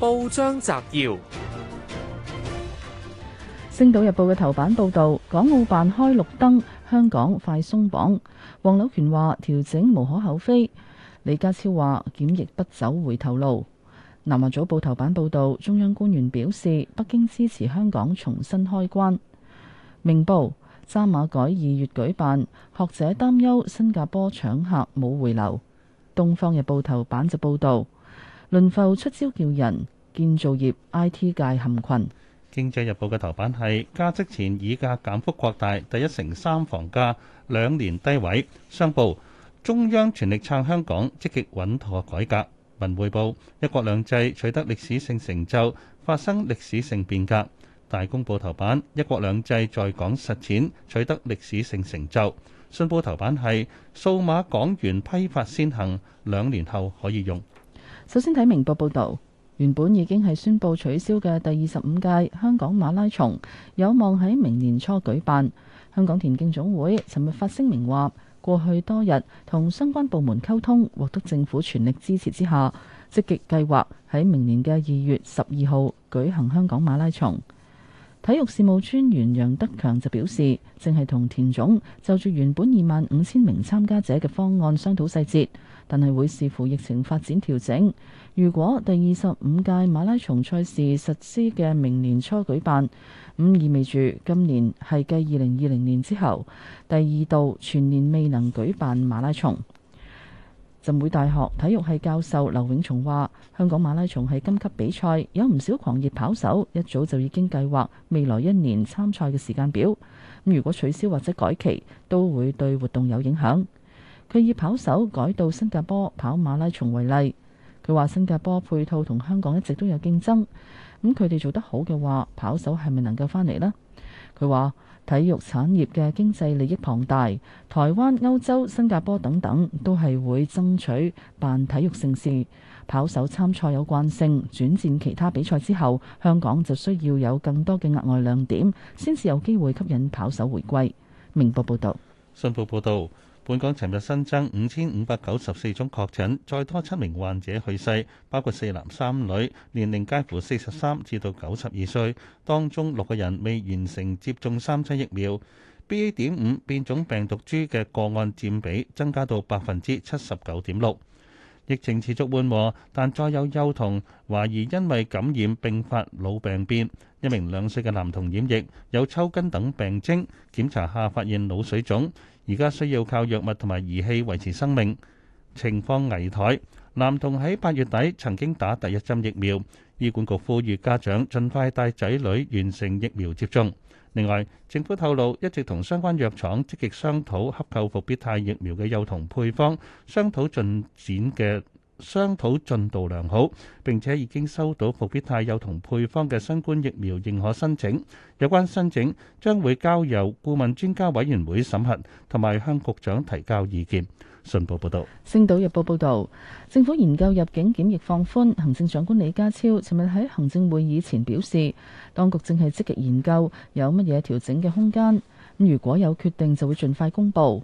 報章摘要：《星島日報》嘅頭版報道，港澳辦開綠燈，香港快鬆綁。黃柳權話調整無可厚非。李家超話檢疫不走回頭路。《南華早報》頭版報道，中央官員表示，北京支持香港重新開關。《明報》渣馬改二月舉辦，學者擔憂新加坡搶客冇回流。《東方日報》頭版就報道。輪浮出招叫人，建造業、IT 界陷困。經濟日報嘅頭版係加息前，議價減幅擴大，第一城三房價兩年低位。商報，中央全力撐香港，積極穩妥改革。文匯報，一國兩制取得歷史性成就，發生歷史性變革。大公報頭版，一國兩制在港實踐取得歷史性成就。信報頭版係數碼港元批發先行，兩年後可以用。首先睇明報報道，原本已經係宣布取消嘅第二十五屆香港馬拉松，有望喺明年初舉辦。香港田徑總會尋日發聲明話，過去多日同相關部門溝通，獲得政府全力支持之下，積極計劃喺明年嘅二月十二號舉行香港馬拉松。體育事務專員楊德強就表示，正係同田總就住原本二萬五千名參加者嘅方案商討細節，但係會視乎疫情發展調整。如果第二十五屆馬拉松賽事實施嘅明年初舉辦，咁意味住今年係繼二零二零年之後第二度全年未能舉辦馬拉松。浸會大學體育系教授劉永松話，香港馬拉松係金級比賽，有唔少狂熱跑手一早就已經計劃未來一年參賽嘅時間表。咁如果取消或者改期，都會對活動有影響。佢以跑手改到新加坡跑馬拉松為例，佢話新加坡配套同香港一直都有競爭。咁佢哋做得好嘅話，跑手係咪能夠翻嚟呢？佢話：體育產業嘅經濟利益龐大，台灣、歐洲、新加坡等等都係會爭取辦體育盛事。跑手參賽有慣性，轉戰其他比賽之後，香港就需要有更多嘅額外亮點，先至有機會吸引跑手回歸。明報報道，新報報道。信報報道。本港尋日新增五千五百九十四宗確診，再多七名患者去世，包括四男三女，年齡介乎四十三至到九十二歲。當中六個人未完成接種三劑疫苗。B. A. 點五變種病毒株嘅個案佔比增加到百分之七十九點六。疫情持續緩和，但再有幼童懷疑因為感染並發腦病變。一名兩歲嘅男童染疫，有抽筋等病徵，檢查下發現腦水腫。而家需要靠藥物同埋儀器維持生命，情況危殆。男童喺八月底曾經打第一針疫苗，醫管局呼籲家長盡快帶仔女完成疫苗接種。另外，政府透露一直同相關藥廠積極商討洽購復必泰疫苗嘅幼童配方，商討進展嘅。商討進度良好，並且已經收到復必泰有同配方嘅新冠疫苗認可申請。有關申請將會交由顧問專家委員會審核，同埋向局長提交意見。信報報道，星島日報報道，政府研究入境檢疫放寬。行政長官李家超尋日喺行政會議前表示，當局正係積極研究有乜嘢調整嘅空間。如果有決定，就會盡快公布。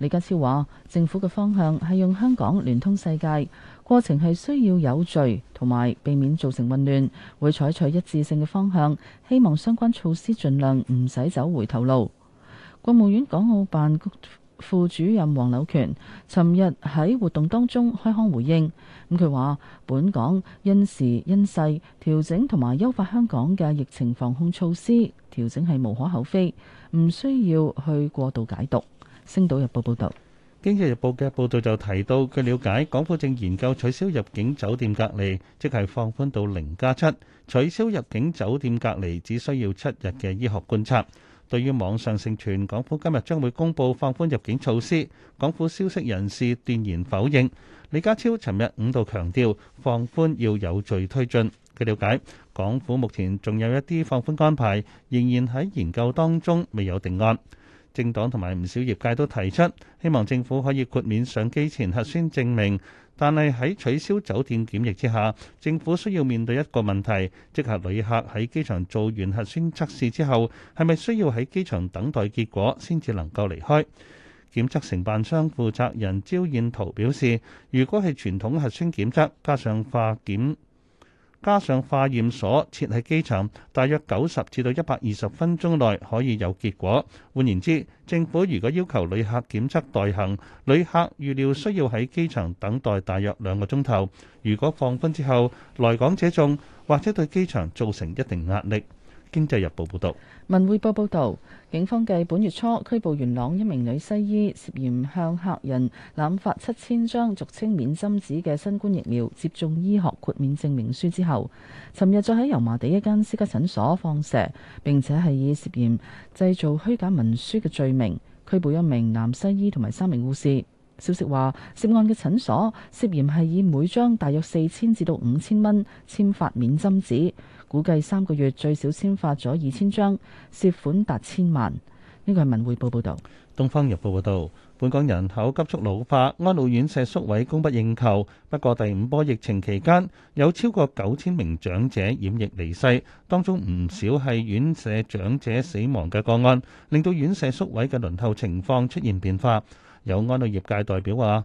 李家超話：政府嘅方向係用香港聯通世界，過程係需要有序同埋避免造成混亂，會採取一致性嘅方向。希望相關措施盡量唔使走回頭路。國務院港澳辦副主任黃柳權尋日喺活動當中開腔回應，咁佢話：本港因時因勢調整同埋優化香港嘅疫情防控措施，調整係無可厚非，唔需要去過度解讀。星島日報報道，《經濟日報》嘅報道就提到，據了解，港府正研究取消入境酒店隔離，即係放寬到零加七，7, 取消入境酒店隔離只需要七日嘅醫學觀察。對於網上盛傳港府今日將會公布放寬入境措施，港府消息人士斷然否認。李家超尋日五度強調，放寬要有序推進。據了解，港府目前仲有一啲放寬安排，仍然喺研究當中，未有定案。政黨同埋唔少業界都提出，希望政府可以豁免上機前核酸證明，但係喺取消酒店檢疫之下，政府需要面對一個問題，即係旅客喺機場做完核酸測試之後，係咪需要喺機場等待結果先至能夠離開？檢測承辦商負責人招彥燾表示，如果係傳統核酸檢測加上化檢。加上化驗所設喺機場，大約九十至到一百二十分鐘內可以有結果。換言之，政府如果要求旅客檢測代行，旅客預料需要喺機場等待大約兩個鐘頭，如果放寬之後來港者眾，或者對機場造成一定壓力。《經濟日報》報導，《文匯報》報導，警方繼本月初拘捕元朗一名女西醫涉嫌向客人濫發七千張俗稱免針紙嘅新冠疫苗接種醫學豁免證明書之後，尋日再喺油麻地一間私家診所放蛇，並且係以涉嫌製造虛假文書嘅罪名拘捕一名男西醫同埋三名護士。消息話，涉案嘅診所涉嫌係以每張大約四千至到五千蚊簽發免針紙。估計三個月最少簽發咗二千張，涉款達千萬。呢個係文匯報報導。《東方日報》報導，本港人口急速老化，安老院舍宿位供不應求。不過第五波疫情期間，有超過九千名長者染疫離世，當中唔少係院舍長者死亡嘅個案，令到院舍宿位嘅輪候情況出現變化。有安老業界代表話，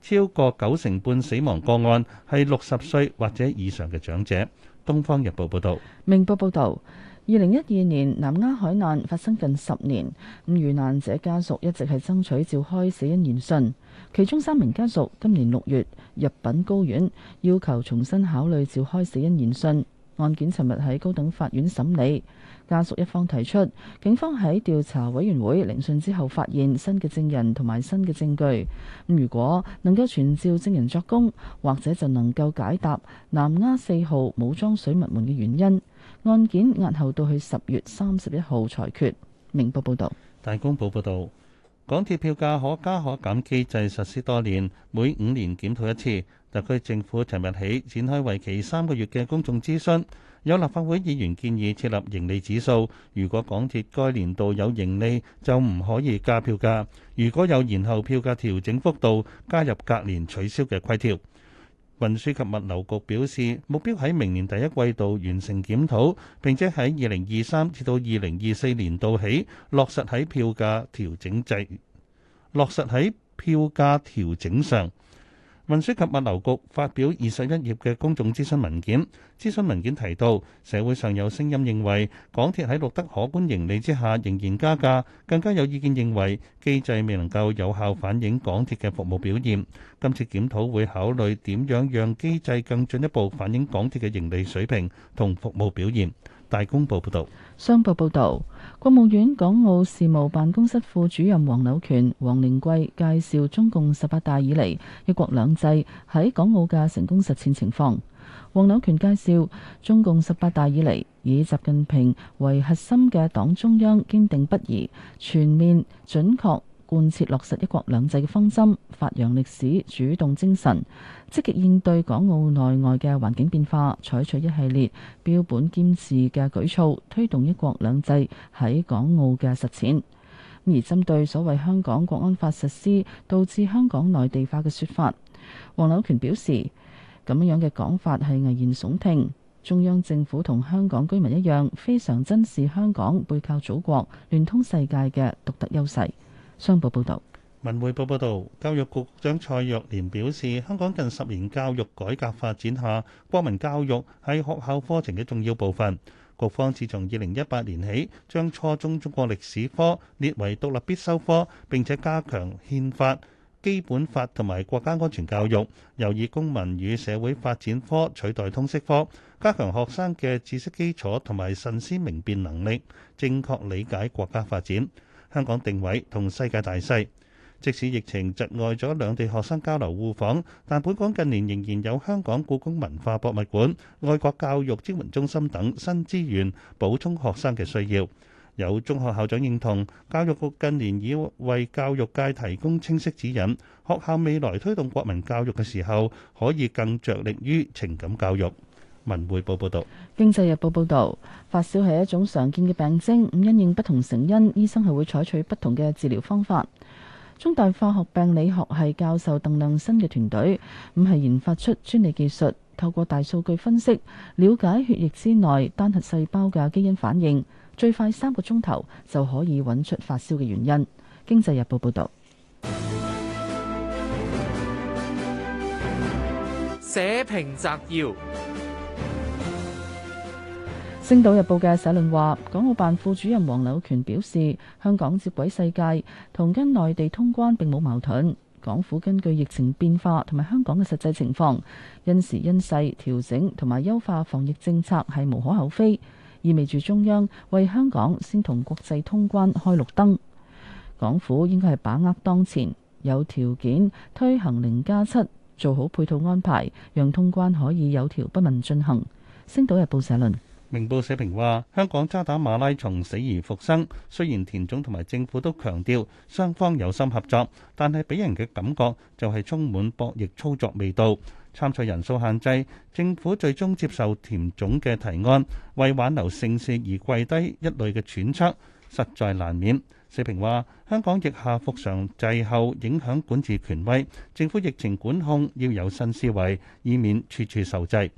超過九成半死亡個案係六十歲或者以上嘅長者。《東方日報》報道，《明報》報道，二零一二年南丫海難發生近十年，遇難者家屬一直係爭取召開死因研訊，其中三名家屬今年六月入禀高院，要求重新考慮召開死因研訊。案件尋日喺高等法院審理。家屬一方提出，警方喺調查委員會聆訊之後發現新嘅證人同埋新嘅證據，如果能夠傳召證人作供，或者就能夠解答南丫四號武裝水密門嘅原因。案件押後到去十月三十一號裁決。《明報》報道，《大公報》報道，港鐵票價可加可減機制實施多年，每五年檢討一次。特區政府尋日起展開為期三個月嘅公眾諮詢。有立法會議員建議設立盈利指數，如果港鐵該年度有盈利，就唔可以加票價；如果有延後票價調整幅度，加入隔年取消嘅規條。運輸及物流局表示，目標喺明年第一季度完成檢討，並且喺二零二三至到二零二四年度起，落實喺票價調整制，落實喺票價調整上。運輸及物流局發表二十一頁嘅公眾諮詢文件，諮詢文件提到，社會上有聲音認為港鐵喺錄得可觀盈利之下仍然加價，更加有意見認為機制未能夠有效反映港鐵嘅服務表現。今次檢討會考慮點樣讓機制更進一步反映港鐵嘅盈利水平同服務表現。大公報報導，商報報導，國務院港澳事務辦公室副主任黃柳權、黃連貴介紹中共十八大以來一國兩制喺港澳嘅成功實踐情況。黃柳權介紹，中共十八大以來，以習近平為核心嘅黨中央堅定不移、全面準確，貫徹落實一國兩制嘅方針，發揚歷史主動精神，積極應對港澳內外嘅環境變化，採取一系列標本兼治嘅舉措，推動一國兩制喺港澳嘅實踐。而針對所謂香港國安法實施導致香港內地化嘅說法，黃柳權表示：咁樣樣嘅講法係危言聳聽。中央政府同香港居民一樣，非常珍視香港背靠祖國、聯通世界嘅獨特優勢。商報報道。文匯報報道，教育局長蔡若蓮表示，香港近十年教育改革發展下，國民教育係學校課程嘅重要部分。局方自從二零一八年起，將初中中國歷史科列為獨立必修科，並且加強憲法、基本法同埋國家安全教育，又以公民與社會發展科取代通識科，加強學生嘅知識基礎同埋慎思明辨能力，正確理解國家發展。香港定位同世界大勢，即使疫情窒礙咗兩地學生交流互訪，但本港近年仍然有香港故宮文化博物館、外國教育支援中心等新資源補充學生嘅需要。有中學校長認同，教育局近年已為教育界提供清晰指引，學校未來推動國民教育嘅時候可以更着力於情感教育。《文匯報》報道。《經濟日報》報道，發燒係一種常見嘅病徵，咁因應不同成因，醫生係會採取不同嘅治療方法。中大化學病理學系教授鄧亮新嘅團隊，咁係研發出專利技術，透過大數據分析，了解血液之內單核細胞嘅基因反應，最快三個鐘頭就可以揾出發燒嘅原因。《經濟日報》報道，社評摘要。《星島日報》嘅社論話，港澳辦副主任黃柳權表示，香港接軌世界同跟內地通關並冇矛盾。港府根據疫情變化同埋香港嘅實際情況，因時因勢調整同埋優化防疫政策係無可厚非，意味住中央為香港先同國際通關開綠燈。港府應該係把握當前，有條件推行零加七，做好配套安排，讓通關可以有條不紊進行。《星島日報》社論。明報社評話，香港渣打馬拉松死而復生，雖然田總同埋政府都強調雙方有心合作，但係俾人嘅感覺就係充滿博弈操作味道。參賽人數限制，政府最終接受田總嘅提案，為挽留盛事而跪低，一類嘅揣測實在難免。社評話，香港疫下復常滯後影響管治權威，政府疫情管控要有新思維，以免處處受制。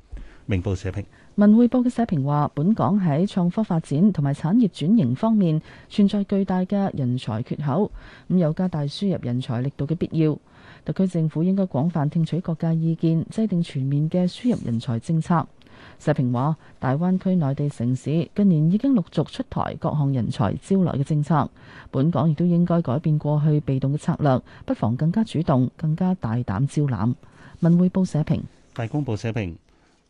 明報社評。文匯報嘅社評話，本港喺創科發展同埋產業轉型方面存在巨大嘅人才缺口，咁有加大輸入人才力度嘅必要。特區政府應該廣泛聽取各界意見，制定全面嘅輸入人才政策。社評話，大灣區內地城市近年已經陸續出台各項人才招來嘅政策，本港亦都應該改變過去被動嘅策略，不妨更加主動、更加大膽招攬。文匯報社評，大公報社評。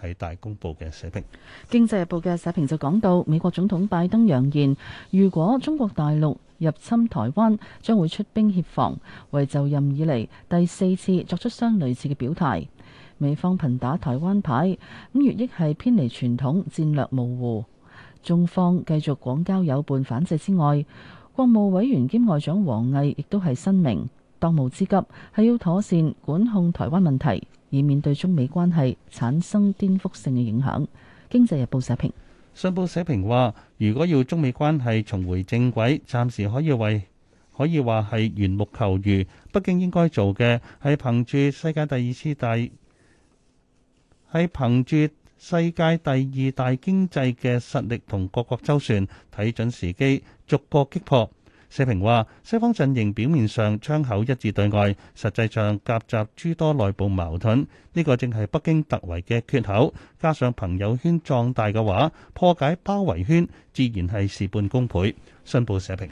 喺大公報嘅社評，《經濟日報》嘅社評就講到，美國總統拜登揚言，如果中國大陸入侵台灣，將會出兵協防，為就任以嚟第四次作出相類似嘅表態。美方頻打台灣牌，五月亦係偏離傳統戰略模糊，中方繼續廣交友伴反制之外，國務委員兼外長王毅亦都係聲明，當務之急係要妥善管控台灣問題，以免對中美關係產生顛覆性嘅影響，《經濟日報》社評，信報社評話，如果要中美關係重回正軌，暫時可以為可以話係緣木求魚。北京應該做嘅係憑住世界第二次大係憑住世界第二大經濟嘅實力同各國周旋，睇準時機，逐個擊破。社評話：西方陣營表面上窗口一致對外，實際上夾雜諸多內部矛盾。呢個正係北京突圍嘅缺口。加上朋友圈壯大嘅話，破解包圍圈自然係事半功倍。新報社評。